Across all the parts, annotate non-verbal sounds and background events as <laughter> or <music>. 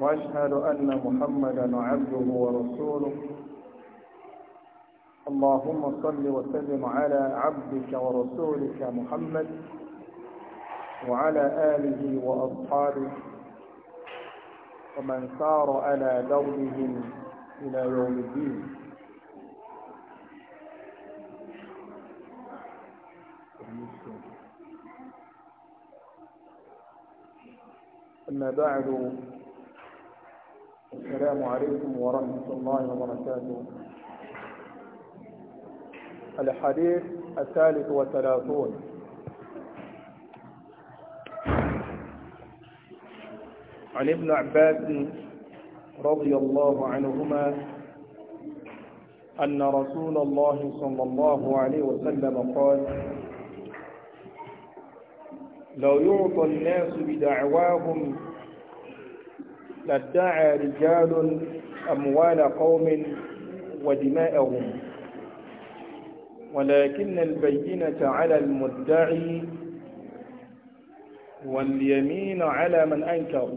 وأشهد أن محمدا عبده ورسوله اللهم صل وسلم على عبدك ورسولك محمد وعلى آله وأصحابه ومن سار على دربهم إلى يوم الدين أما بعد السلام عليكم ورحمة الله وبركاته الحديث الثالث والثلاثون عن ابن عباس رضي الله عنهما أن رسول الله صلى الله عليه وسلم قال لو يعطى الناس بدعواهم لا ادعى رجال أموال قوم ودماءهم ولكن البينة على المدعي واليمين على من أنكر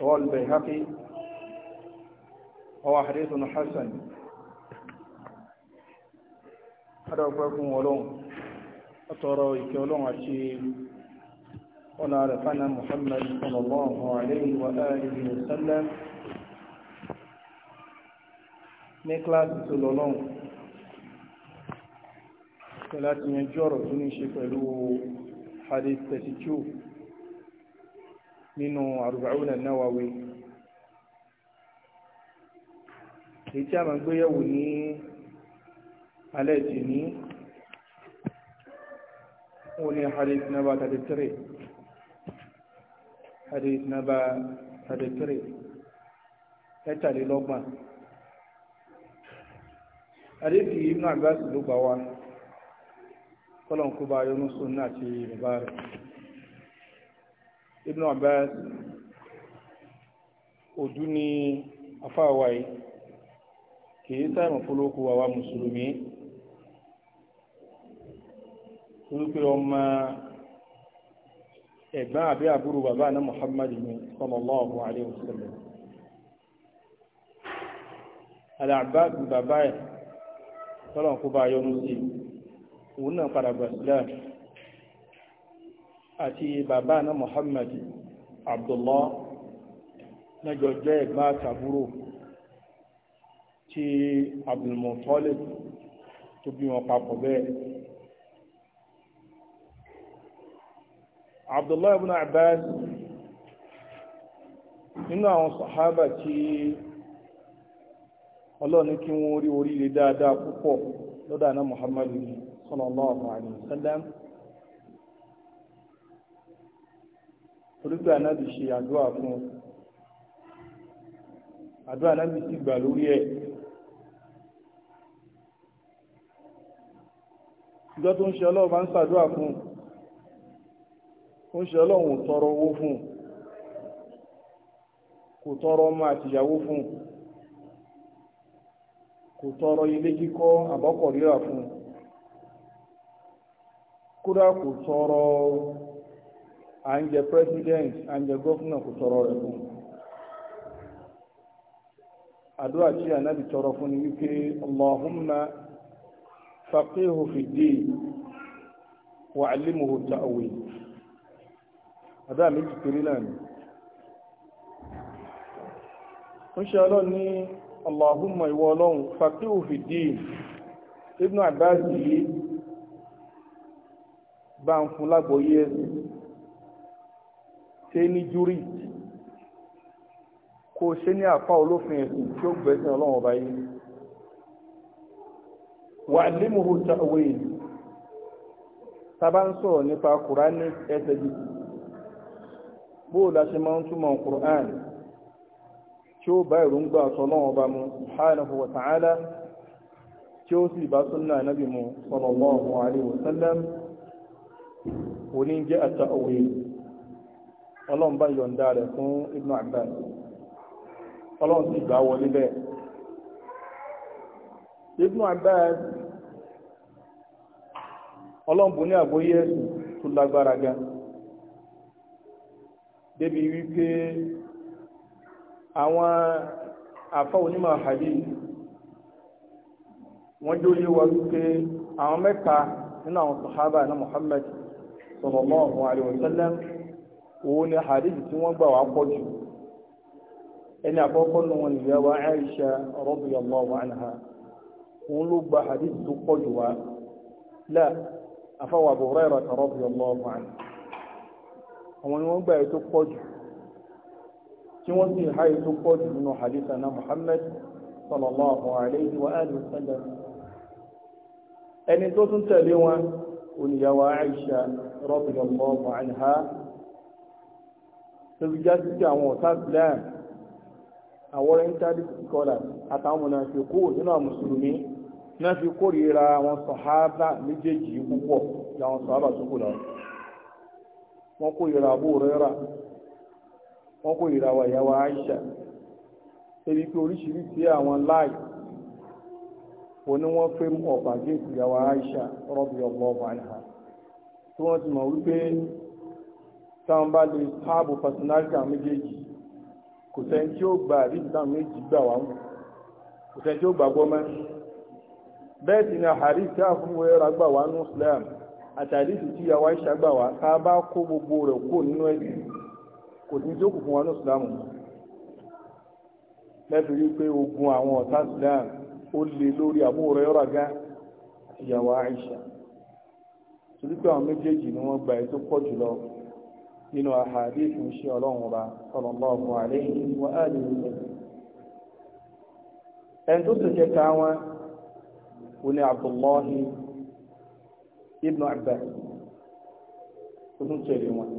هو البيهقي هو حديث حسن هذا هو أترى يكولون عشيب ونعرفنا محمد صلى الله عليه وآله وسلم ní kíláàsì tó lọ lọ́hùn pé láti yanjú ọ̀rọ̀ tó ní ṣe pẹ̀lú hadith 32 nínú Arba'un an-Nawawi èyí tí a máa gbéyẹ̀wò ní alẹ́ ìtì ní òní hadith number 33 hadith number thirty three ẹ̀tàlélọ́gbọ̀n hadith yìí Ibn Abbas ló gbà wá kọ́lọ̀nkú bá yọnu sunna àti bàbá rẹ̀ Ibn Abbas òdú ni afáwa yìí ẹ̀gbọ́n àbí àbúrò bàbá náà muhammadu ní sallallahu alaihi wasallam alàbá bí bàbá ẹ̀ tọ́lọ̀ kó bá yọnu sí òun náà padà gbà sílẹ̀ àti bàbá náà muhammadu abdullah lẹ́jọ jẹ́ ẹ̀gbọ́n àtàbúrò tí abdulmutalib tó bí wọn papọ̀ bẹ́ẹ̀ abdullahi ibn abbas nínú àwọn sàhábà tí ọlọ́run ní kí wọ́n rí oríire dáadáa púpọ̀ lọ́dọ̀ àná muhammadu sallallahu alaihi wasallam torípé ànábì ṣe àdúrà fún àdúrà ànábì sì gbà lórí ẹ̀ ìjọ tó ń ṣe ọlọ́run ń ṣàdúrà fún un ó ṣe ọlọ́run tọrọ owó fún kò tọrọ ọmọ àtìyàwó fún kò tọrọ ilé kíkọ́ àbọ́kọ̀ rírà fún kódà kò tọrọ president à gọ́fúnà kò tọrọ rẹ̀ fún àdúrà tí ànábì tọrọ Allahumma fi wa àdúrà méjì péré náà ni ń ṣe ọlọ́run ní Allahumma ìwọ ọlọ́run faqihu fi din Ibn Abbas yìí bá ń fún lágbóyé ẹ̀sìn ṣe ní júrí kó ṣe ní àpá olófin ẹ̀sìn tí ó gbẹ̀sìn ọlọ́run ọba yìí wà nímú ta'wil tàbá ń sọ̀rọ̀ nípa Kùránì ẹsẹ̀ jìjì bóò la ṣe máa ń túmọ̀ Qur'an tí ó bá ìrúngbà Ọba mu subhanahu wa ta'ala tí ó sì bá súnà nábì mu sallallahu alaihi wa sallam òní ní àgbóyé ẹ̀sùn débi wípé àwọn àfọ́ onímọ̀ hadith wọ́n jó yé wa wípé àwọn mẹ́ta nínú àwọn sàhábà náà Muhammad sallallahu alaihi wasallam òun ni hadith tí wọ́n gbà wá pọ̀ jù ẹni àkọ́kọ́ ní wọn nìyá wa Aisha radiyallahu anha òun ló gba hadith tó pọ̀ jù wá láà àfọwọ́ Abu Hurairah radiyallahu anhu àwọn ni wọ́n gbà èyí tó tí wọ́n sì nínú na Muhammad sallallahu alayhi wa alihi wa sallam ẹni tó tún tẹ̀lé wọn oníyàwó Aisha radiyallahu anha tó fi já sí sí àwọn ọ̀tá Islam àwọn orientalist scholars àtàwọn náà fi kó nínú náà fi kórìíra àwọn sàhábà méjèèjì púpọ̀ láwọn sàhábà tó kù lọ́wọ́ wọ́n kó ìra Abu Huraira wọ́n kó ìra wa ìyàwó Aisha ebi pé oríṣiríṣi àwọn láì wọ́n fẹ́ mú ọ̀pá géètì ìyàwó Aisha radiyallahu anha tí wọ́n ti mọ̀ wípé táwọn bá lè sáàbù pàṣínáàkì méjèèjì kò sẹ́ni tí ó gba àdìsí táwọn méjì gbà wá kò sẹ́ni tí ó mẹ́ bẹ́ẹ̀ àhàrí àtàdísì tí ìyàwó gbà wá ká bá kó gbogbo rẹ̀ kó nínú ẹ̀sìn kò ní jókòó fún wọn ní ìsìlámù rí ogun àwọn ọ̀tá ìsìlámù ó le lórí àbúrò rẹ̀ gá ìyàwó àìṣà torí pé àwọn méjèèjì ni wọ́n gba ètò pọ̀ jùlọ nínú fún iṣẹ́ ọlọ́run ẹni tó sì kẹta wọn ibnu abbas tó tún tẹ̀lé wọn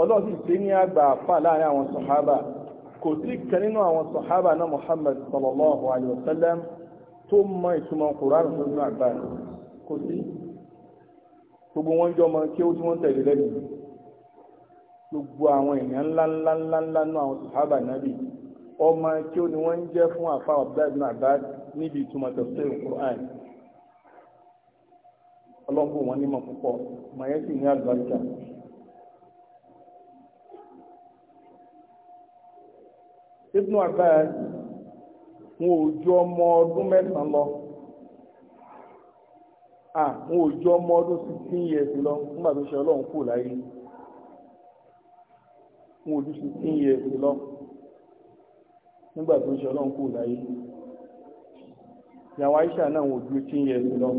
ọlọ́run sì ní àgbà àfà láàrin àwọn sọ̀hábà kò sí kan nínú àwọn sọ̀hábà náà muhammad sallallahu alayhi wa sallam tó mọ ìtumọ̀ quran fún ibnu abbas kò sí gbogbo wọn jọ mọ kí ó tí wọn tẹ̀lé lẹ́nu gbogbo àwọn èèyàn ńlá ńlá ni ọlọ́gbọ̀n wọn nímọ̀ púpọ̀ mayẹ́sì ní àlùbáríkà Ibn Abbas wọn ò ju ọmọ ọdún mẹ́sàn-án lọ ah wọn ò ju ọmọ ọdún sixteen years lọ nígbà tó ṣe ọlọ́run kù láyé wọn ò ju sixteen years lọ nígbà tó ṣe ọlọ́run kù láyé ìyàwó Aisha náà wọn ò ju eighteen years lọ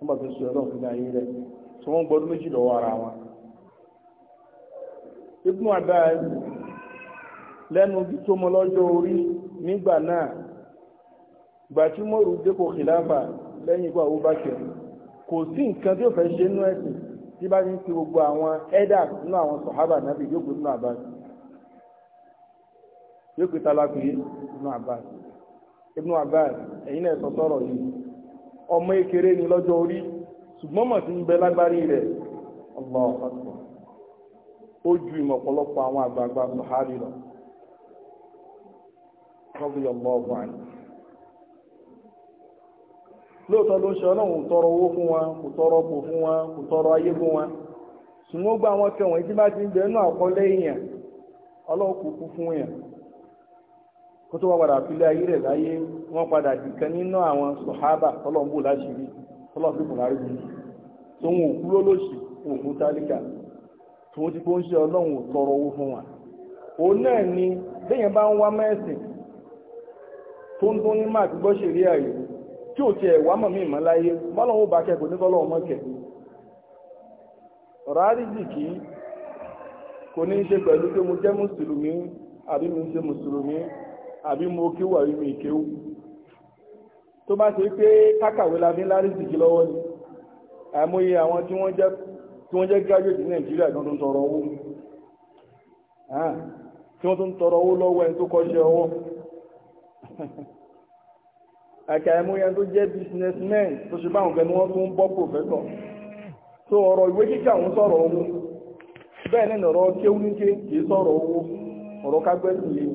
nígbà tó ṣe ọlọ́run fún ayé rẹ̀ tí wọ́n gbọ́dún méjì lọ́wọ́ ara wọn. Ibnu Abbas lẹ́nu bí tó mọ lọ́jọ́ orí nígbà náà gbà tí mọ́rù dépò kìláfà lẹ́yìn ikú Abubakar kò sí nǹkan tí ó fẹ́ ṣe nínú ẹ̀sìn tí bá ní ti gbogbo àwọn ẹ́dà nínú àwọn sọ̀hábà náà bí yókù nínú Abbas yókù tálákùn yìí nínú Abbas Ibnu Abbas ẹ̀yin náà sọ sọ́rọ̀ yìí ọmọ ekere ni lọ́jọ́ orí ṣùgbọ́n mọ̀ sí ń bẹ lágbárí rẹ̀ ọlọ́ọ̀kọ́ ó ju ìmọ̀ ọ̀pọ̀lọpọ̀ àwọn àgbààgbà lọ rọ́bìyọ̀ lọ́ọ̀bù àná lóòótọ́ ló ń ṣe owó fún wa kò tọrọ ọkọ̀ fún wa gba àwọn kẹwọ̀n bá ti ń àkọlé èèyàn fún èèyàn kó tó wá padà sílé ayé rẹ̀ láyé wọ́n padà dìkan nínú àwọn sọ̀hábà tọ́lọ́mbù láṣìírí tọ́lọ́mbù buhari ni tó wọn òkú lólóṣì òkú tálíkà tó wọ́n ti kó ń ṣe ọlọ́run tọrọ owó fún wa òun náà ni bẹ́yẹn bá ń wá mẹ́sìn tó ń tó ní máa ti gbọ́ ṣèrí àyè tí ò tiẹ̀ wá mọ̀ mí mọ́ láyé bọ́lọ́wọ́ bá kẹ́kọ̀ọ́ ní kọ́lọ́wọ́ mọ́ kẹ́ kò ní í ṣe pẹ̀lú pé mo jẹ́ mùsùlùmí àbí mi ń ṣe mùsùlùmí àbí mo kéwù àbí mi kéwù tó bá ṣe pé kákàwé la fi ń lárí sìkì lọ́wọ́ ni àìmọye àwọn tí wọ́n jẹ́ tí wọ́n jẹ́ graduate ní nàìjíríà tó ń tọrọ owó tí wọ́n tó ń tọrọ owó lọ́wọ́ ẹni tó kọ́ṣẹ́ ọwọ́ <laughs> àkà àìmọye tó jẹ́ businessmen tó ṣe báwọn gẹ̀ẹ́ni wọ́n tó ń bọ́ professor tó ọ̀rọ̀ ìwé kíkà ń sọ̀rọ̀ owó bẹ́ẹ̀ ni ọ̀rọ̀ kéwú kì í sọ̀rọ̀ owó ọ̀rọ̀ kágbẹ́sì yìí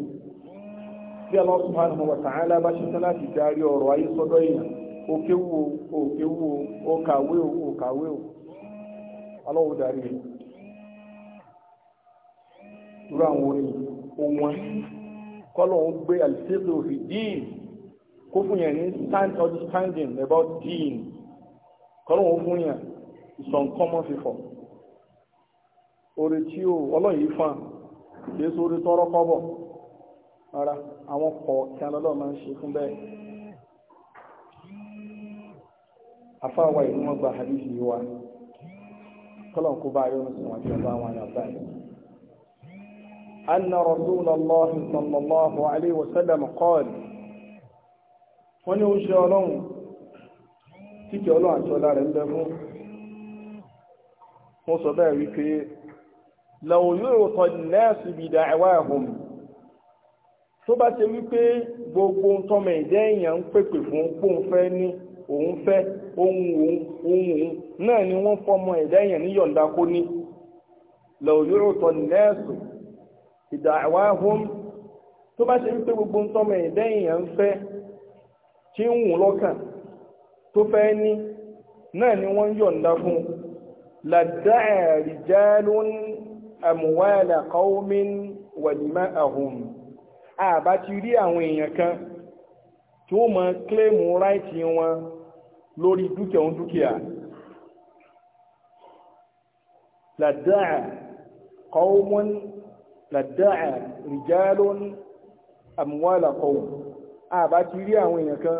tí Allah subhanahu wa ta'ala bá ṣiṣẹ́ láti darí ọ̀rọ̀ ayé sọ́dọ̀ èèyàn ó kéwú o ó o ó kàwé o ó kàwé o Allah darí rẹ̀ irú àwọn orin òwọn kọ́lọ̀ ń gbé àlùfẹ́sọ̀ fi dín kó fún yẹn ní stand about dín fún yẹn orin tí ó ọlọ́yìn fún sọ orin rárá àwọn kọ̀ọ̀kan lọ́lọ́ máa ń ṣe fún bẹ́ẹ̀ afáwa ìlú wọn gba hadith yìí wa kọlọ̀ kó bá yọ̀nù sí wọn àti ọba àwọn àyàbá yìí anna rasulallah sallallahu alayhi wa sallam qal wọ́n ní oúnjẹ ọlọ́run tí kí ọlọ́run àti ọlá rẹ̀ ń bẹ fún wọ́n sọ bẹ́ẹ̀ wípé law yu'ta an-nas bi da'wahum tó bá ṣe wípé gbogbo tọmọ ẹ̀dẹ́ èèyàn ń pèpè fún póun fẹ́ ní òun fẹ́ ohun òun ohun òun náà ni wọ́n fọmọ ẹ̀dẹ́ èèyàn ní yọ̀ǹda kó ní lọ́yọ́rọ̀tọ̀ nẹ́ẹ̀sù ìdàwà hún tó bá ṣe wípé gbogbo tọmọ ẹ̀dẹ́ èèyàn ń fẹ́ tí ń wù lọ́kàn tó fẹ́ ní náà ni wọ́n yọ̀ǹda fún làdáà rìjálún àmúwálà qawmin wa dima'ahum àbá ti rí àwọn èèyàn kan tí wọ́n mọ kílèmù ráìtì wọn lórí dúkìá òun dúkìá làdáà qawmun làdáà rijalun amwala qawm àbá ti rí àwọn èèyàn kan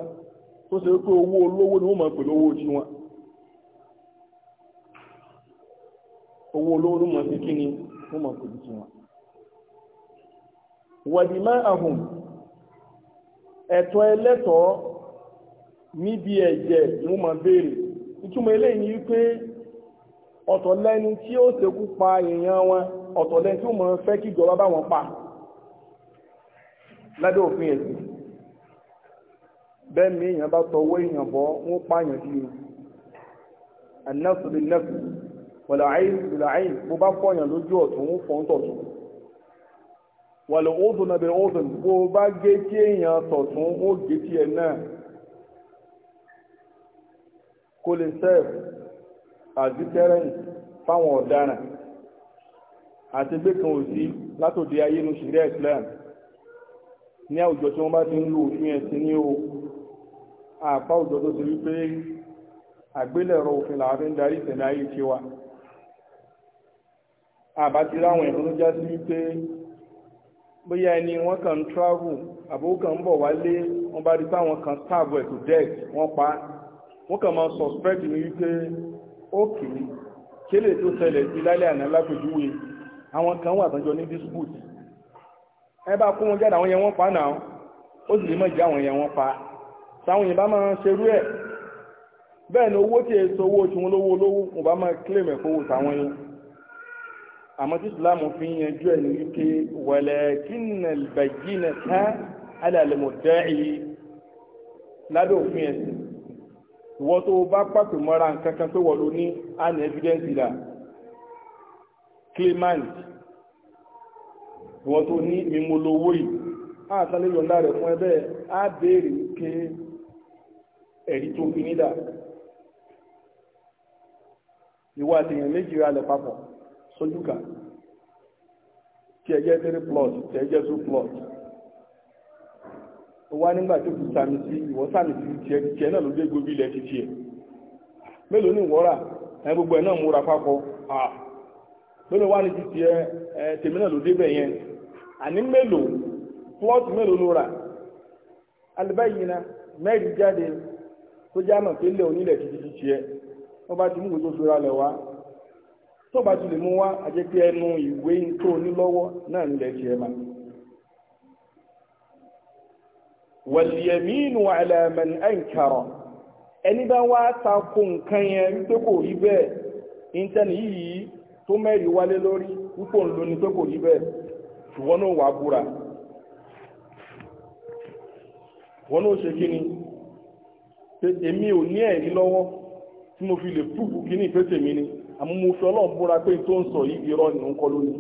tó ṣe pé owó olówó ni wọ́n mọ̀ pẹ̀lú owó tiwọn owó olówó ló mọ̀ sí kí ni wọ́n mọ̀ pẹ̀lú tiwọn wàdìmá àhùn ẹ̀tọ́ ẹlẹ́tọ̀ọ́ níbi ẹ̀jẹ̀ mo máa béèrè ìtumọ̀ eléyìí ni wípé ọ̀tọ̀ lẹ́ni tí ó ṣekú pa èèyàn wọn ọ̀tọ̀ lẹ́ni tí ó máa fẹ́ kí ìjọba bá wọn pa lábẹ́ òfin ẹ̀sìn bẹ́ẹ̀ mi èèyàn bá tọwọ́ èèyàn bọ́ wọ́n pààyàn sí i ànáfù lè nẹ́fù wọ̀làáyìn bó bá fọyàn lójú ọ̀tún wọ́n fọ́ńtọ̀tún wàlẹ̀ ọdún náà bẹ̀rẹ̀ ọdún bó bá gé tí èèyàn tọ̀tún ó gé tí ẹ̀ náà kó lè serve as deterrent fáwọn ọ̀daràn àti gbé kan ò sí látòdì ayé nu ṣìlẹ̀ Islam ní àwùjọ tí wọ́n bá ti ń lo òfin ẹ̀sìn ní o àpá òjò tó ti wípé àgbélẹ̀rọ òfin làwọn ń darí ìtẹ̀lẹ̀ ayé tiwa àbá ti ráwọn ẹ̀rọ ló já sí wípé bóyá ẹni wọ́n kàn ń travel àbókan ń bọ̀ wálé wọ́n bá rí pé àwọn kan táàbù ẹ̀ tó deck wọ́n pa wọ́n kàn máa suspect mi wípé ókè kélé tó ṣẹlẹ̀ sí lálẹ́ àná lápèjúwe àwọn kan wà tọ́jọ́ ní dispute ẹ bá kó wọn jáde àwọn yẹn wọ́n pa náà ó sì lè mọ̀ jẹ́ àwọn yẹn wọ́n pa táwọn yẹn bá máa ṣerú ẹ̀ bẹ́ẹ̀ ni owó tí èso owó tí wọ́n lówó lówó wọ́n bá máa claim ẹ̀kọ́ wò táwọn yẹn àmọ́ tí islam fi ń yanjú ẹ̀ ní wípé walakinna al-bayyinata ala al-mudda'i lábẹ́ òfin ẹ̀sìn wọ́n tó bá pàpè mọ́ra nǹkan kan pé wọ́n ló ní an evidence ìlà claimant wọ́n tó ní mímúlówó yìí àtàlẹ́ yọ̀ǹda rẹ̀ fún ẹbẹ́ á béèrè wípé ẹ̀rí tó fi nídà ìwà àtìyàn méjì rà lẹ̀ papọ̀ sun duka tí ẹ jẹ́ plus tí ẹ jẹ́ two plus wá nígbà tó fi sàmì sí ìwọ sàmì sí tiẹ̀ tiẹ̀ náà ló dé gbóbi ilẹ̀ ti tiẹ̀ mélòó ní ìwọ́ra ẹ gbogbo náà múra ti ẹ tèmi náà ló dé yẹn àní mélòó plot mélòó ló rà na mẹ́rin jáde tó jáàmù pé ilẹ̀ ti ti bá ti mú tó bá ti lè mú wá ajẹ́ pé ẹnu ìwé tó onílọ́wọ́ náà nílẹ̀ tiẹ̀ máa. wàlìyẹ̀mínú àlàmàn ànkàrọ̀ ẹni bá wá takò nǹkan yẹn wípé kò rí bẹ́ẹ̀ íńtánì yìí tó mẹ́rin wálé lórí púpọ̀ ń lo ni pé kò rí bẹ́ẹ̀ ṣùgbọ́n náà wàá búra wọn náà ṣe kí ni èmi ò ní ẹ̀rí lọ́wọ́ tí mo fi lè púpù kí ni. àmọ́ mo fi ọlọ́run búra pé tó ń sọ yìí irọ́ ni ń kọ́ lónìí.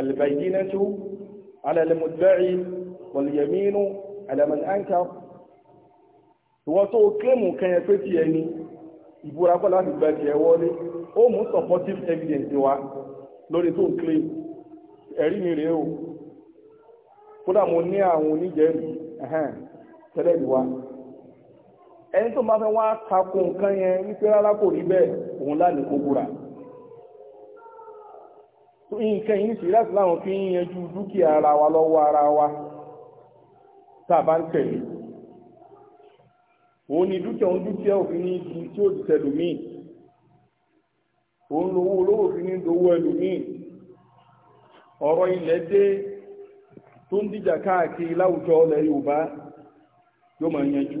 albayyinatu ala al-mudda'i wal yaminu ala man ankar ìwọ tó kílèmù kẹyẹ pé tiẹ̀ ni ìbúra kọ́ láti gba tiẹ̀ wọlé ó mú supportive evidence wá lórí tó ń kílèmù ẹ̀rí mi rèé o kódà mo ní àwọn oníjẹ̀ẹ́rì tẹ́lẹ̀ ìwà ẹni tó máa fẹ́ wá takò nǹkan yẹn wípé rárá kò rí bẹ́ẹ̀ òun láàrín kó búra nǹkan yìí sí láti láwọn fi ń yanjú dúkìá ara wa lọ́wọ́ ara wa tá a bá ń tẹ̀lé òun ni dúkìá òun dúkìá òfin ní ibi tí ó ti tẹ̀lómíì òun lówó olówó òfin ní dowó ẹlòmíì ọ̀rọ̀ ilẹ̀ dé tó ń dìjà káàkiri láwùjọ ilẹ̀ Yorùbá yóò máa yanjú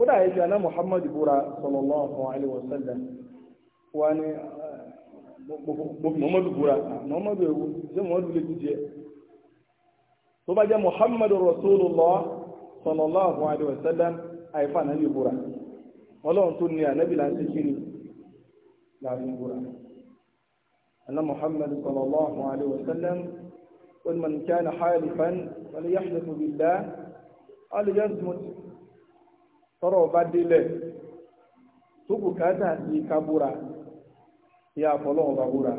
kódà yìí fi aná muhammad búra sallallahu alaihi wasallam wa ni eh, mo fi muhammad búra muhammad ewu ṣé muhammad lè ti jẹ tó bá jẹ muhammad rasulullah sallallahu alaihi wasallam àìfà ànábì búra ọlọ́run tó ní ànábì là ń ṣe kí ni láàrin búra aná muhammad sallallahu alaihi wasallam qul man kana halifan falyahlifu billah aw liyasmut tọ́rọ̀ bá délẹ̀ tó bùkátà sí kábúra ní àfọlọ́wọ́n bá búra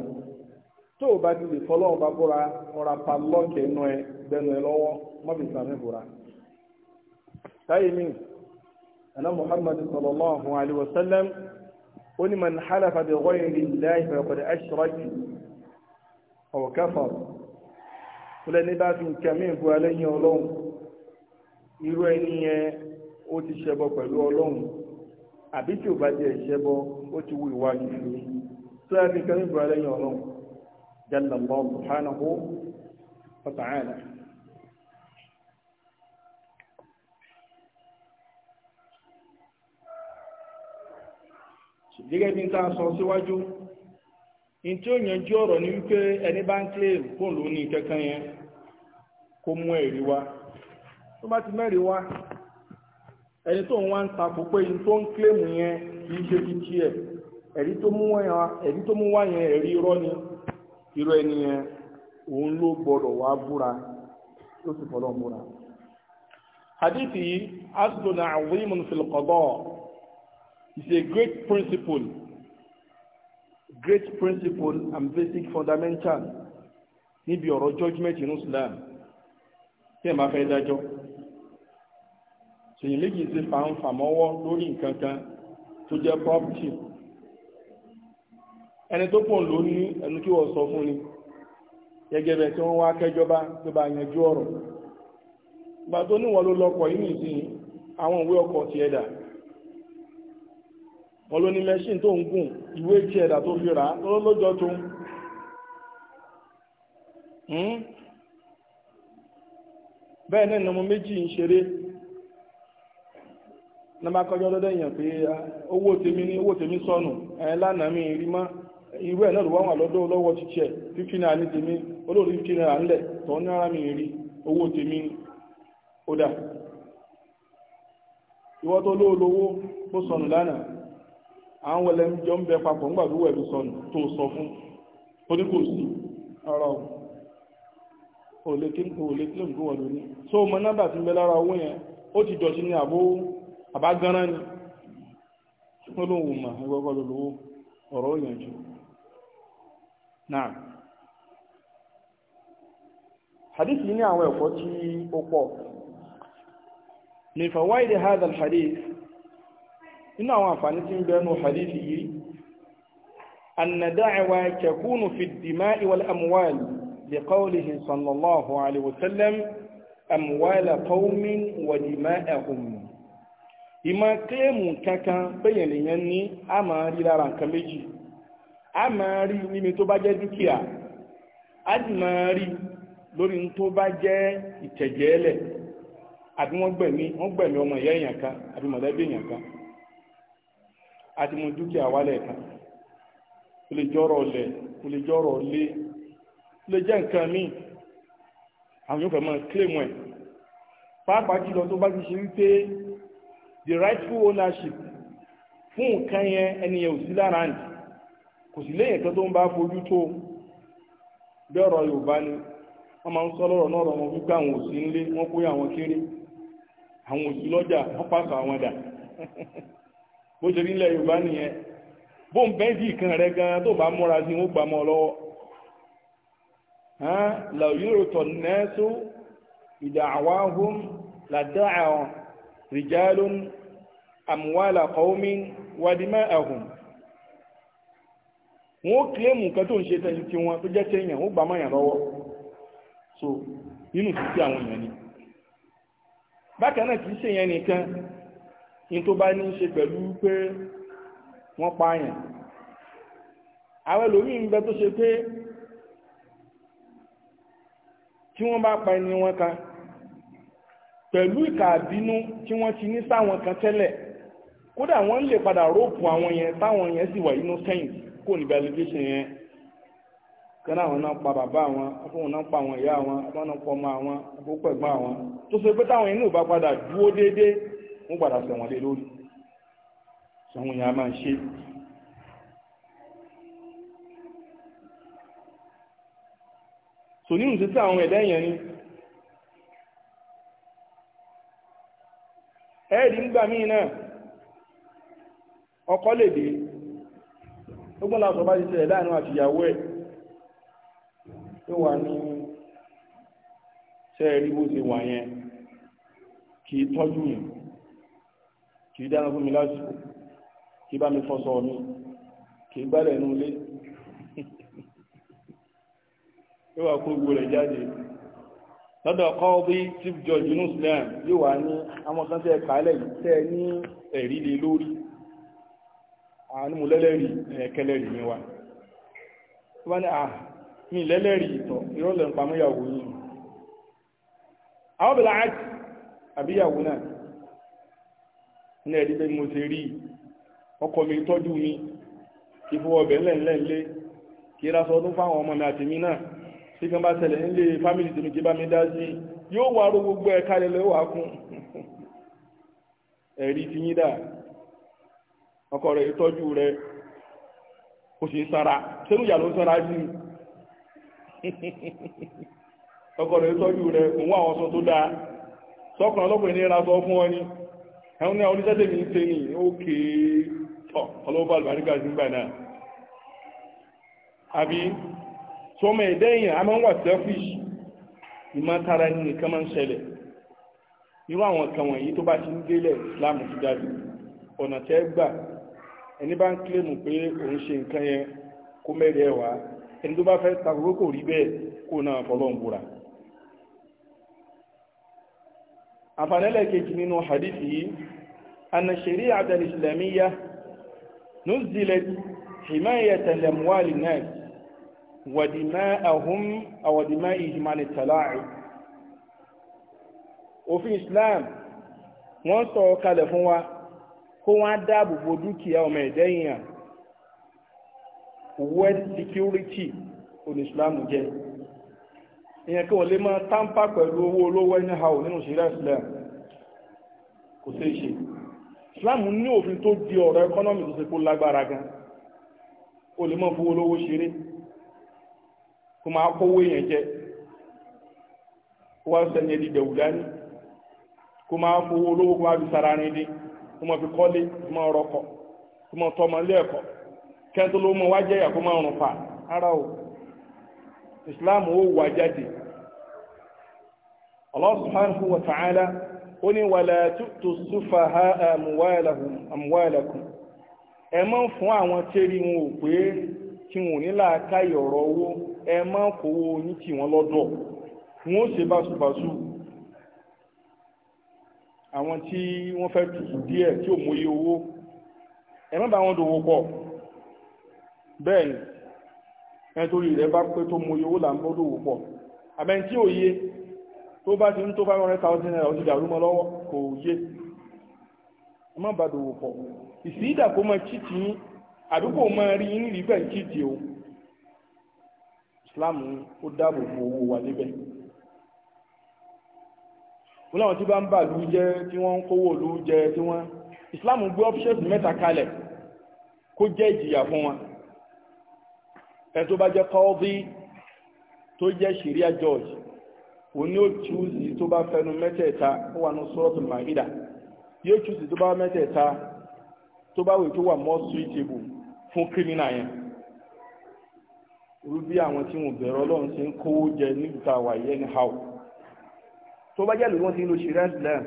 tó o bá ti lè fọlọ́wọ́n bá búra ọ̀rà palọ́ọ̀kì ẹnu ẹ gbẹnu ẹ lọ́wọ́ mọ́bì sàmì búra. táyé mi ana muhammad sallallahu alayhi wa sallam ó ní man halafa bi ghayri llahi faqad ashraka aw kafara kúlẹ̀ ní bá fi nǹkan mìíràn bu alẹ́ yẹn ọlọ́run irú ó ti ṣẹbọ pẹ̀lú ọlọ́run àbí tí ò bá jẹ́ ìṣẹbọ ó ti wù ìwà kìfì tó yẹ kí kẹ́mí bọ̀rọ̀ lẹ́yìn ọlọ́run jalla Allah subhanahu wa ta'ala. gẹ́gẹ́ bí n ta sọ síwájú tí ó yanjú ọ̀rọ̀ wípé ẹni bá ń claim fóònù ní kankan yẹn kó mú ẹ̀rí wá tó ti mẹ́rin wá ẹni tó ń wá ń takò pé ní tó ń kílèmù yẹn kì í ṣe ti tiẹ̀ ẹ̀rí tó mú ẹ̀rí irọ́ ni irọ́ ẹni yẹn òun ló wá búra ló sì fọlọ́ hadithi yìí is a great principle great principle and basic fundamental níbi ọ̀rọ̀ judgment in Islam tí ẹ̀ máa fẹ́ èyí méjì ti fa ń fàmọ́wọ́ lórí nǹkan kan tó jẹ́ property ẹni tó pọ̀ ló ní ẹnu kí wọ́n sọ fún ni gẹ́gẹ́ bẹ̀ tí wọ́n wá kẹjọba tó bá yanjú ọ̀rọ̀ ìgbà tó níwọ̀n ló lọ́kọ̀ yìí nìsín àwọn ìwé ọkọ̀ ti ẹ̀dà wọ́n ló ní mẹ́ṣìn tó ń gùn ìwé tó fi rà á lọ́jọ́ tó ń hmm? ní bá kọjọ́ lọ́dọ̀ èèyàn pé ah, owó tèmi ní owó tèmi sọnù ẹ lánàá mi rí mọ́ irú ẹ̀ náà ló wá wà lọ́dọ̀ lọ́wọ́ ti tiẹ̀ fífi náà ní tèmi tọ́ ní ara mi owó tèmi ó dà ìwọ́ tó lówó lówó sọnù lánàá àwọn wẹlẹ ń papọ̀ sọnù sọ fún kò sí abagbara anya ọrụ owu ma ha gwagwarụrụ ọrụ onye ji na حديث ينيا من فوائد هذا الحديث إنه وعفانة بأنه حديث أن دعوة تكون في الدماء والأموال لقوله صلى الله عليه وسلم أموال قوم ودماءهم ìmọ̀ kílẹ̀mù kankan péyàn lèyàn ní a máa rí lára nǹkan méjì a máa rí nínú tó bá jẹ́ dúkìá a sì máa rí lórí tó bá jẹ́ ìtẹ̀jẹ́lẹ̀ àbí wọ́n ọmọ ìyá èèyàn kan àbí mọ̀lẹ́bí èèyàn kan mú dúkìá kan lè the rightful ownership fún nǹkan yẹn ẹni yẹn ò sí lára nì kò sí léyìn kan tó ń bá fojú tó bí ọ̀rọ̀ Yorùbá ni wọ́n máa ń sọ lọ́rọ̀ náà rọmọ wípé àwọn òsì ńlé wọ́n kó àwọn kéré àwọn òsì lọ́jà wọ́n pàṣẹ àwọn dà <laughs> bó ṣe rí ilẹ̀ Yorùbá nìyẹn bó ń bẹ́ẹ̀dì kan rẹ gan tó bá múra sí wọ́n gbà mọ́ lọ́wọ́ làwọn yóò tọ̀ nẹ́ẹ́sù ìdààwáhùn làdáà رجال أموال قوم ودماءهم wọ́n kílẹ̀mù nǹkan tó ń ṣe tẹ́yìn tí wọ́n tó jẹ́ tẹ́yìn àwọn gbàmọ́ èèyàn lọ́wọ́ so nínú sí sí àwọn èèyàn ni bákan náà kìí ṣe yẹn nìkan ní tó bá ní ṣe pẹ̀lú pé wọ́n pa àyàn àwọn ẹlòmíì ń bẹ tó ṣe pé tí wọ́n bá pa ẹni wọn kan pẹ̀lú ìkà àbínú tí wọ́n ti ní sáwọn kan tẹ́lẹ̀ kódà wọ́n lè padà róòpù àwọn yẹn táwọn yẹn sì wà innocent kò níbi allegation yẹn kẹ́nà àwọn náà pa bàbá àwọn afọ́wọn náà pa àwọn ìyá àwọn afọ́wọn náà pọ̀ ọmọ àwọn afọ́pẹ̀gbọ́n àwọn tó ṣe pé táwọn inú bá padà dúó déédéé wọ́n padà sẹ̀wọ̀n lé lórí sẹ̀wọ̀n yẹn a máa ń ṣe. sò nínú títí àwọn ẹ̀dá yẹn ni dẹ̀ nígbà míì náà ọkọ lè dé gbogbo lásọ bá ti ṣẹlẹ̀ láàrin àti ìyàwó ẹ̀ tó wà ní sẹ́ẹ̀rí bó ṣe wà yẹn kì í tọ́jú mi kì í dáná fún mi lásìkò kì í bá mi fọṣọ mi kì í gbálẹ̀ inú ilé <laughs> yóò kó gbogbo rẹ̀ jáde lọ́dọ̀ kọ́ọ̀bí chief george yunus islam yóò wá ní àwọn kan tẹ́ kàálẹ̀ yìí tẹ́ ní ẹ̀rí lé lórí àánúmúlẹ́lẹ́rì ẹ̀kẹlẹ́rì ní wa tó bá ní à mí lẹ́lẹ́rì ìtọ̀ ìrọ̀lẹ̀ ń pamọ́ ìyàwó yìí àwọn bẹ̀rẹ̀ àti àbí ìyàwó náà ní ẹ̀rí pé mo ti rí ọkọ mi tọ́jú mi ìfowóbẹ̀ ńlẹ̀ńlẹ̀ kí tí kan bá ṣẹlẹ̀ nílé fámìlì tèmi kí bá mi dá yóò wá gbogbo ẹka kalẹ̀ lọ́wọ́ akún <laughs> ẹ̀rí ti yín dà ọkọ rẹ̀ ìtọ́jú rẹ̀ sara sẹ́nu ìyá sara sí <laughs> ọkọ rẹ̀ ìtọ́jú rẹ̀ òun àwọn ọ̀sán tó dáa sọ́kàn ọlọ́pàá ìnira sọ fún ọ ni ní mi ń ní òkè àlùbáríkà sí gbà náà tí ọmọ ẹ̀dá èèyàn a máa ń wà selfish ìmọ̀tara ẹni nìkan máa ń ṣẹlẹ̀ irú àwọn kan wọ̀nyí tó bá ti ń délẹ̀ Islam ti jáde ọ̀nà tẹ́ gbà ẹni bá ń kílèmù pé òun ṣe nǹkan yẹn kó mẹ́rẹ̀ wá ẹni tó bá fẹ́ takòrò kò rí bẹ́ẹ̀ kó náà fọlọ́n búra àǹfààní ẹlẹ́kejì nínú hadith yìí anna shari'ata al-islamiyya nuzilat himayatan li amwali wàdìmáàhùn àwàdìmá ìjìmálẹ̀ tàláàì òfin islam wọ́n sọ kalẹ̀ fún wa kó wọ́n á dáàbò bo dúkìá ọmọ ẹ̀dẹ́ èèyàn wealth security òní islam jẹ́ ìyẹn kí wọ́n lè máa tàǹpà pẹ̀lú owó olówó ẹni ha nínú ìṣẹ́lẹ̀ islam kò sí ṣe islam ní òfin tó di ọ̀rọ̀ economy tó ṣe kó lágbára gan o lè máa fowó olówó ṣeré kuma akówó èèyàn je ụwa wá sẹ́ni ẹni dẹ̀wù dání kó máa fowó olówó kó máa fi sara ní dé kó máa fi kọ́lé kó máa rọkọ̀ kó máa tọ́ ọmọ ilé ẹ̀kọ́ kẹ́ńtó ara o Islam tí wọn ò ní làákàyè ọ̀rọ̀ owó ẹ máa ń kówó yín tì wọ́n lọ́dọ̀ wọn ó ṣe báṣubàṣu àwọn tí wọ́n fẹ́ tutù díẹ̀ tí ò mọyé owó ẹ má bá wọn dòwò pọ̀ bẹ́ẹ̀ ni ẹni tó rí rẹ bá pé tó mọyé owó là ń bọ́ dòwò pọ̀ àbẹ̀yìn tí ò yé tó bá ti ń tó five hundred thousand naira ó ti dàrú mọ́ lọ́wọ́ kò yé ẹ má bá dòwò pọ̀ ìsìyídà kó máa chìtì yín àdúgbò máa rí yín nílùú bẹ́ẹ̀ kìtì o Islam ó dáàbò bo owó wa níbẹ̀ wọn làwọn tí bá ń bà lú jẹ tí wọ́n ń kówó lú jẹ tí wọ́n Islam gbé options mẹ́ta kalẹ̀ kó jẹ́ ìjìyà fún wọn ẹ tó bá jẹ́ kọ́ọ́bí tó jẹ́ ṣìríà George òun ni ó túùsì tó bá fẹnu mẹ́tẹ̀ẹ̀ta ó wà ní sọ́ọ̀tù màgídà yóò túùsì tó bá mẹ́tẹ̀ẹ̀ta tó bá wè tó wà more suitable fún kírímìnà yẹn irú bí àwọn tí wọn bẹ̀rẹ̀ ọlọ́run ṣe ń kówó jẹ nígbà wà yẹn ní hàù tó bá jẹ́ lórí wọn ti ń lo ṣẹ̀ríà Islam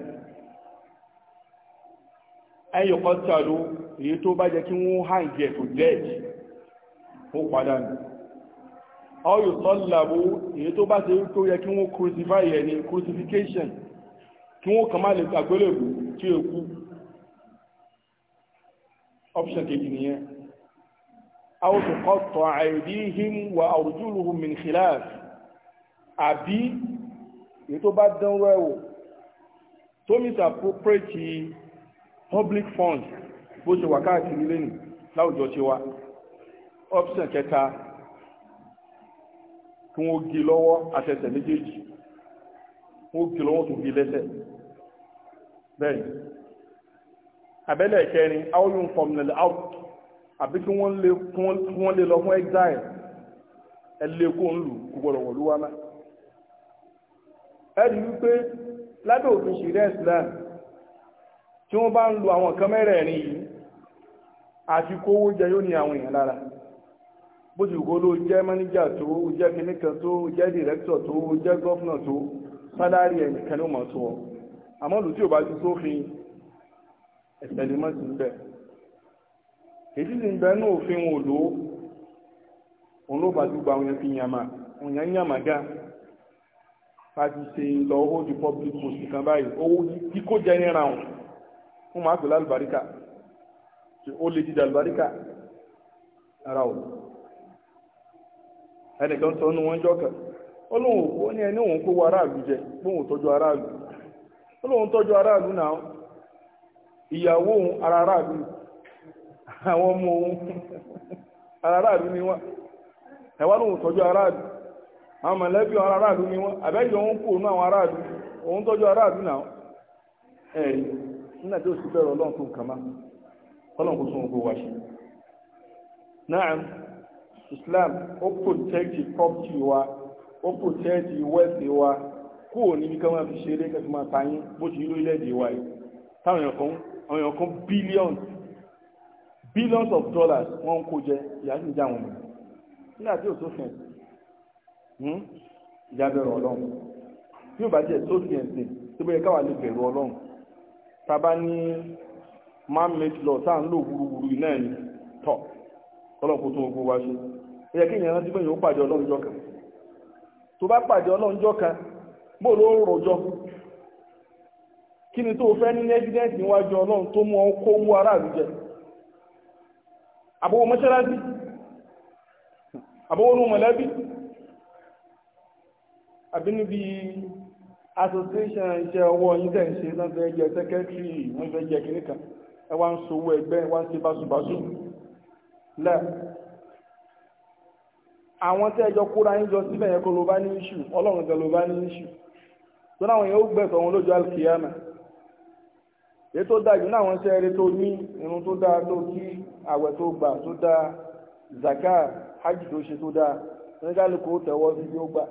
ẹ̀yọ̀ kan tí a lo èyí tó bá jẹ́ kí wọ́n hàn jẹ́ tó dẹ́ẹ̀jì ó padà nù ọyọ̀ sọ́làbó èyí tó bá ṣe tó yẹ kí wọ́n crucify ẹ̀ ní crucifixion kí wọ́n kàn má lè gbàgbélébù tí ó kú option kejì nìyẹn aw tuqatta aydihim wa arjuluhum min khilaf àbí èyí tó bá dánwó ẹ̀wò tó misappropriate public funds bó ṣe wà káàkiri lẹ́nu láwùjọ ṣe wa option kẹta kí wọ́n gé lọ́wọ́ àtẹsẹ̀ méjèèjì wọ́n gé lọ́wọ́ tó gé lẹ́sẹ̀ bẹ́ẹ̀ abẹ́lẹ̀ kẹrin aw yunfam minal ard àbí kí wọ́n lé kí wọ́n lé lọ fún exile ẹ lé kó ń lù kó gbọdọ̀ wọ̀lú wa náà. ẹ rí i pé lábẹ́ òfin ṣìlẹ̀ Islam tí wọ́n bá ń lo àwọn nǹkan mẹ́rẹ̀ẹ̀rin yìí àti kówó jẹ yóò ní àwọn èèyàn lára bó ti gbogbo ló jẹ́ mẹ́níjà tó o jẹ́ kìnnìkan tó o jẹ́ dìrẹ́kítọ̀ tó o jẹ́ gọ́fúnà tó sálárì ẹ̀ nìkan ló mọ̀ tó ọ àmọ́ lù tí ò bá ti sófin ẹ̀sẹ̀ lè mọ̀ sí bẹ́ẹ̀. èyí sì ń bẹ òfin wọn òun ló bá gba òun yẹn fi lọ owó di public post kan báyìí owó jẹ ní ràn pè lálùbáríkà ó lè ara o ẹnìkan nu wọn jọ kan ó lóun òkú ó ní ẹni òun kó wa aráàlú jẹ aráàlú ó lóun ara aráàlú àwọn ọmọ òun aráàlú ni wọ́n ẹwà lóhun tọ́jú aráàlú àwọn mọ̀lẹ́bí aráàlú ni wọ́n àbẹ́yọ̀ òun kú òun àwọn aráàlú òun tọ́jú aráàlú náà ẹ̀rí nígbà tí sì tó kò ṣe náà Islam ó protect property wa ó wa níbi ká máa fi ṣeré máa ta yín bó ti rí lórílẹ̀-èdè wa yìí táwọn èèyàn kan billions of dollars wọ́n kó jẹ ìyá sì ń já wọn mọ̀ nígbà tí òtún fẹ̀ hmm, ìyá bá tó fi ẹ̀sìn tó bẹ́ẹ̀ káwá lè bẹ̀rù ọlọ́run bá ní man made law tá à ń lò wúruwúru iná ẹ̀ tọ̀ o evidence níwájú tó mú ọ kó wú aráàlú jẹ àbọ̀wọ̀ mọ́ṣáláṣí àbọ̀wọ̀ nù mọ̀lẹ́bí àbí níbi association iṣẹ́ ọwọ́ yín tẹ̀ ń ṣe náà fẹ́ jẹ secretary wọ́n fẹ́ jẹ kìnnì kan ẹ wá ń ẹgbẹ́ ẹ ṣe báṣubàṣu lẹ́ àwọn tẹ́ ẹjọ́ kóra yín jọ síbẹ̀ yẹn kó ló bá ní issue ọlọ́run tẹ ló bá ní issue tó náà yẹn ó gbẹ̀tọ̀ wọn lójú alkiyama èyí tó dáa jù náà àwọn iṣẹ́ eré tó ní irun tó dáa tó kí àwẹ̀ tó gbà tó dáa zaka hajj tó ṣe tó dáa oníkálukú tẹ̀wọ́ sí bí ó gbà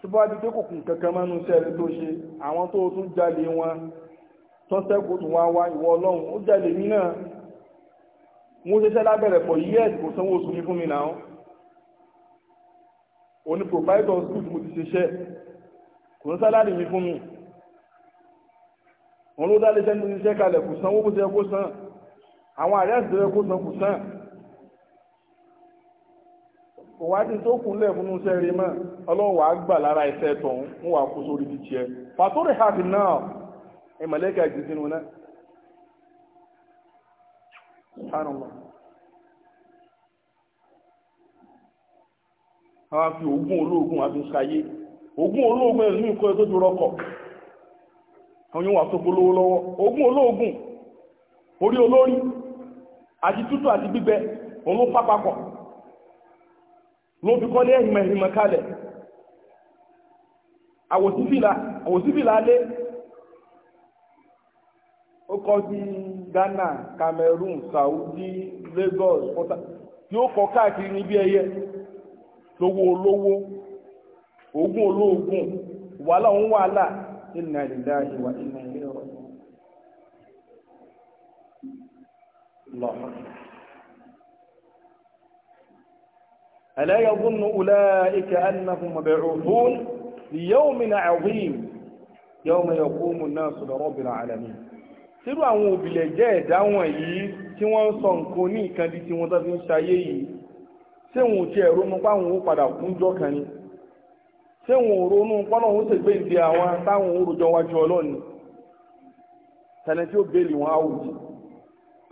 tó bá di pé kò kún kankan mọ́nú iṣẹ́ eré tó ṣe àwọn tó tún jalè wọn tó sẹ́kù tún wá wá ìwọ ọlọ́run ó jalè mí náà mo ṣiṣẹ́ lábẹ́rẹ̀ pọ̀ yíyẹ́ kò sanwó oṣù mi fún mi náà òní proprietor school mo ti ṣiṣẹ́ kò ń sálárì mi fún mi. òun ló dá léṣẹ́ ní iṣẹ́ kalẹ̀ kò san owó bó ṣe yẹ kó san àwọn àrẹ àti ìṣẹ́ kó san kò san kò tó kúnlẹ̀ fún iṣẹ́ rí mọ́ ọlọ́run wàá gbà lára iṣẹ́ tọ̀hún ń wà kó sórí ti tiẹ̀ náà sínú náà àwọn onye yóò wà tó polówó lọ́wọ́ ogún olóògùn orí olórí ati gbigbe àti gbígbẹ òun ló pápákọ̀ ló fi kọ́ ní ẹ̀hìnmọ̀ ẹ̀hìnmọ̀ kalẹ̀ àwòsífìlà lé ó kọ́ sí Ghana Cameroon Saudi Lagos pọ́tà yóò kọ́ káàkiri níbi ẹyẹ lówó olówó ogún olóògùn wàhálà òun wàhálà inna lillahi wa inna ilaihi raji'un ألا يظن أولئك أنهم مبعوثون ليوم عظيم يوم يقوم الناس لرب العالمين sírú àwọn òbílẹ̀ jẹ́ ẹ̀dá wọ̀nyí tí wọ́n ń sọ nǹkan ní ìkan di tí wọ́n tó fi ń ṣayé yìí tí wọ́n ti ẹ̀rọ mú páwọn ó padà kúnjọ́ kan ni ṣé wọn ò ronú pọ́nà òun ṣègbè ìdí àwọn táwọn òrùjọ wájú ọlọ́ọ̀ni tẹ̀lé tí ó béèlì wọn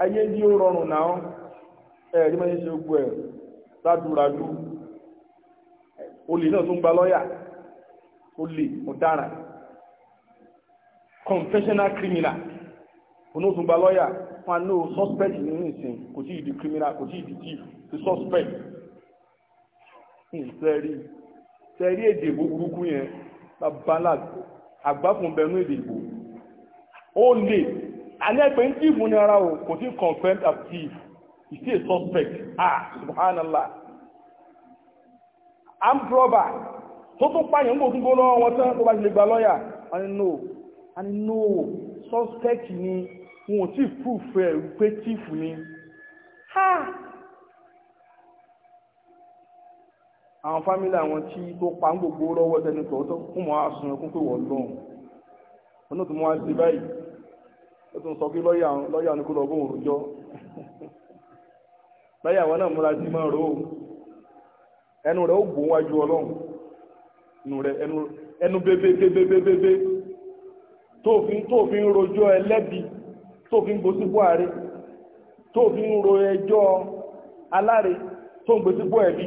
aye ayé o ó rọrùn náà ẹ̀rí máa ń ṣe gbogbo ẹ̀ ládùúradú olè náà tún gba lọ́ọ̀yà olè ọ̀daràn confessional criminal òun gba lọ́ọ̀yà o suspect nínú ìsìn kò tí ì di criminal kò tí ì di thief ti suspect. tẹ̀rí èdè ìbò burúkú yẹn babalá àgbáfún bẹnu èdè ìbò ó lè alẹ́gbẹ̀ẹ́ ń tíìfù ní ara o kò sí confirmed as thief he still suspect ah subhanallah armed robber tó tún pààyàn gbòó tún gbóná wọn tán tó bá ti lè gba lọ́ọ̀yà a no a no suspect ni wọn ò tí proof ẹ̀ pé tíìfù ni ha àwọn fámílì àwọn tí tó pa ń gbogbo lọ́wọ́ tẹni tọ̀ọ́tọ́ fún mọ́ àsùn ẹkún pé wọ́n lọ́n ọ̀nà tó mọ́ á ṣe báyìí ó tún sọ pé lọ́ọ̀yà ní kó lọ bóun rojọ́ <laughs> lọ́ọ̀yà wọn náà múra sí máa rò ó ẹnu rẹ̀ ó gbòó wájú ọlọ́run ẹnu rẹ̀ ẹnu bébébébébébé tófin tófin rojọ́ ẹlẹ́bi tófin gbósí buhari tófin ro ẹjọ́ aláre tó ń gbèsè bọ́ ẹ̀bí